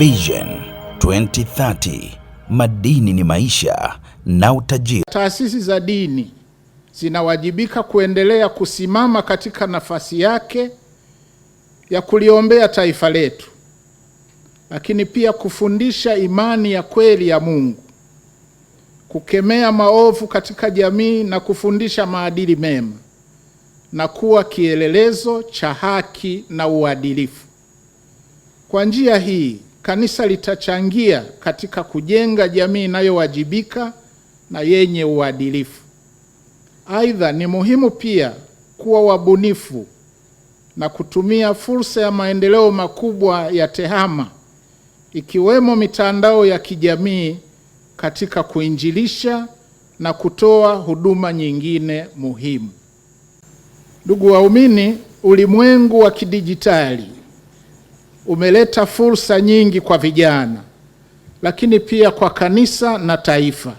Vision 2030 madini ni maisha na utajiri. Taasisi za dini zinawajibika kuendelea kusimama katika nafasi yake ya kuliombea taifa letu, lakini pia kufundisha imani ya kweli ya Mungu, kukemea maovu katika jamii na kufundisha maadili mema na kuwa kielelezo cha haki na uadilifu. Kwa njia hii Kanisa litachangia katika kujenga jamii inayowajibika na yenye uadilifu. Aidha, ni muhimu pia kuwa wabunifu na kutumia fursa ya maendeleo makubwa ya TEHAMA ikiwemo mitandao ya kijamii katika kuinjilisha na kutoa huduma nyingine muhimu. Ndugu waumini, ulimwengu wa kidijitali umeleta fursa nyingi kwa vijana, lakini pia kwa kanisa na taifa,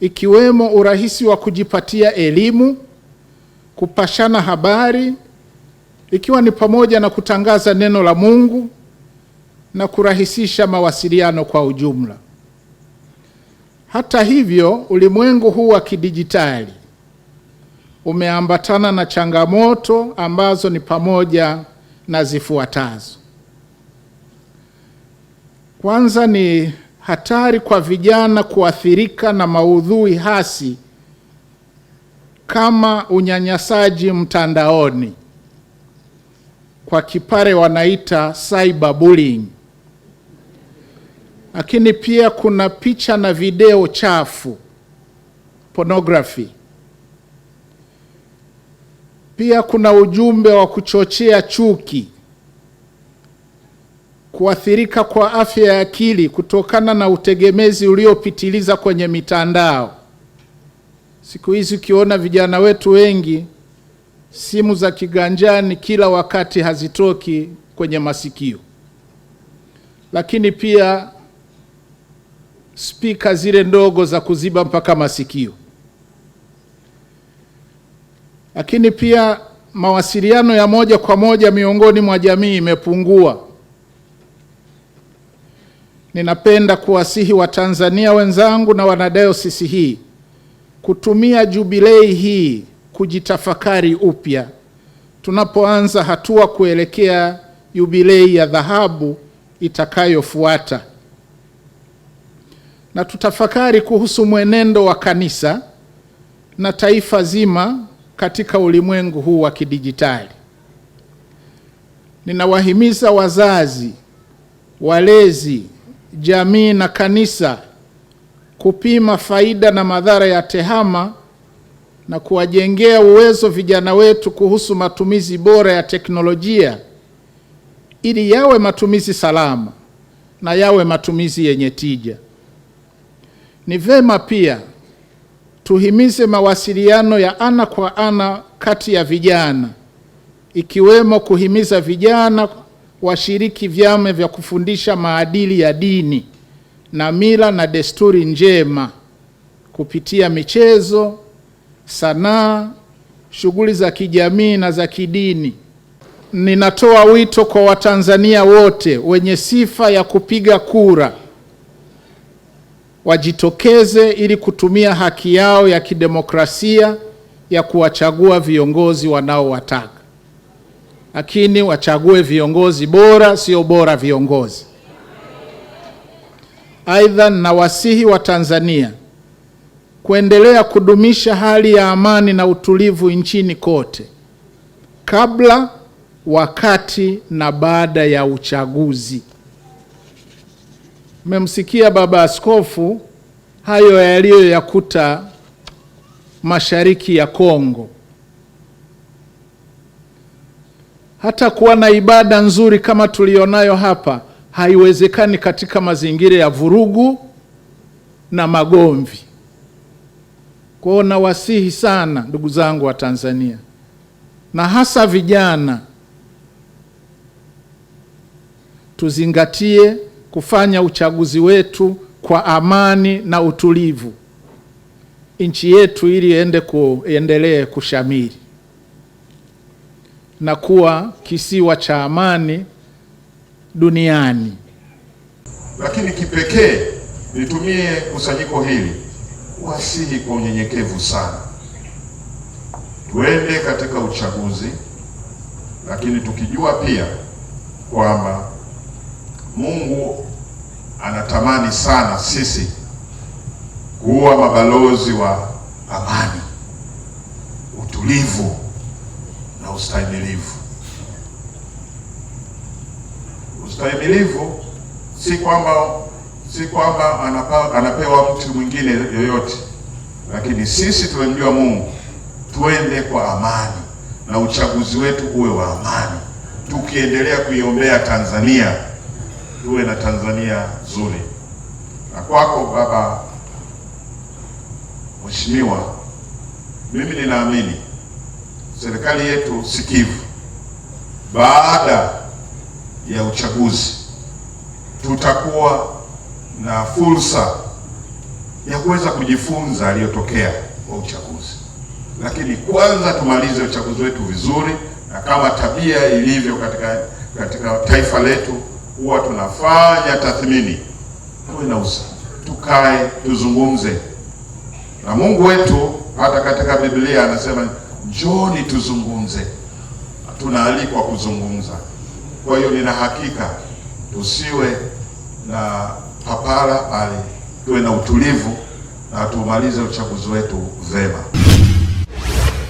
ikiwemo urahisi wa kujipatia elimu, kupashana habari, ikiwa ni pamoja na kutangaza neno la Mungu na kurahisisha mawasiliano kwa ujumla. Hata hivyo, ulimwengu huu wa kidijitali umeambatana na changamoto ambazo ni pamoja na zifuatazo. Kwanza ni hatari kwa vijana kuathirika na maudhui hasi kama unyanyasaji mtandaoni, kwa kipare wanaita cyberbullying. Lakini pia kuna picha na video chafu pornography. Pia kuna ujumbe wa kuchochea chuki kuathirika kwa afya ya akili kutokana na utegemezi uliopitiliza kwenye mitandao. Siku hizi ukiona vijana wetu wengi, simu za kiganjani kila wakati hazitoki kwenye masikio, lakini pia spika zile ndogo za kuziba mpaka masikio, lakini pia mawasiliano ya moja kwa moja miongoni mwa jamii imepungua Ninapenda kuwasihi Watanzania wenzangu na wanadayosisi hii kutumia jubilei hii kujitafakari upya tunapoanza hatua kuelekea jubilei ya dhahabu itakayofuata, na tutafakari kuhusu mwenendo wa kanisa na taifa zima katika ulimwengu huu wa kidijitali. Ninawahimiza wazazi, walezi jamii na kanisa kupima faida na madhara ya tehama na kuwajengea uwezo vijana wetu kuhusu matumizi bora ya teknolojia ili yawe matumizi salama na yawe matumizi yenye tija. Ni vema pia tuhimize mawasiliano ya ana kwa ana kati ya vijana, ikiwemo kuhimiza vijana washiriki vyama vya kufundisha maadili ya dini na mila na desturi njema kupitia michezo, sanaa, shughuli za kijamii na za kidini. Ninatoa wito kwa Watanzania wote wenye sifa ya kupiga kura wajitokeze ili kutumia haki yao ya kidemokrasia ya kuwachagua viongozi wanaowataka lakini wachague viongozi bora, sio bora viongozi. Aidha, nawasihi wa Tanzania kuendelea kudumisha hali ya amani na utulivu nchini kote kabla, wakati na baada ya uchaguzi. Mmemsikia Baba Askofu hayo yaliyoyakuta mashariki ya Kongo. Hata kuwa na ibada nzuri kama tulionayo hapa haiwezekani katika mazingira ya vurugu na magomvi. kwao na nawasihi sana ndugu zangu wa Tanzania na hasa vijana, tuzingatie kufanya uchaguzi wetu kwa amani na utulivu, nchi yetu ili iende kuendelee kushamiri na kuwa kisiwa cha amani duniani. Lakini kipekee nitumie kusanyiko hili wasihi kwa unyenyekevu sana, tuende katika uchaguzi, lakini tukijua pia kwamba Mungu anatamani sana sisi kuwa mabalozi wa amani, utulivu ustahimilivu. Ustahimilivu si kwamba si kwamba anapewa, mtu mwingine yoyote, lakini sisi tunamjua Mungu, tuende kwa amani na uchaguzi wetu uwe wa amani, tukiendelea kuiombea Tanzania, tuwe na Tanzania nzuri. Na kwako baba mheshimiwa, mimi ninaamini serikali yetu sikivu, baada ya uchaguzi tutakuwa na fursa ya kuweza kujifunza aliyotokea kwa uchaguzi, lakini kwanza tumalize uchaguzi wetu vizuri, na kama tabia ilivyo katika katika taifa letu huwa tunafanya tathmini, tuwe na usa, tukae tuzungumze na Mungu wetu. Hata katika Biblia anasema njoni tuzungumze, tunaalikwa kuzungumza. Kwa hiyo nina hakika tusiwe na papara, bali tuwe na utulivu na tumalize uchaguzi wetu vema.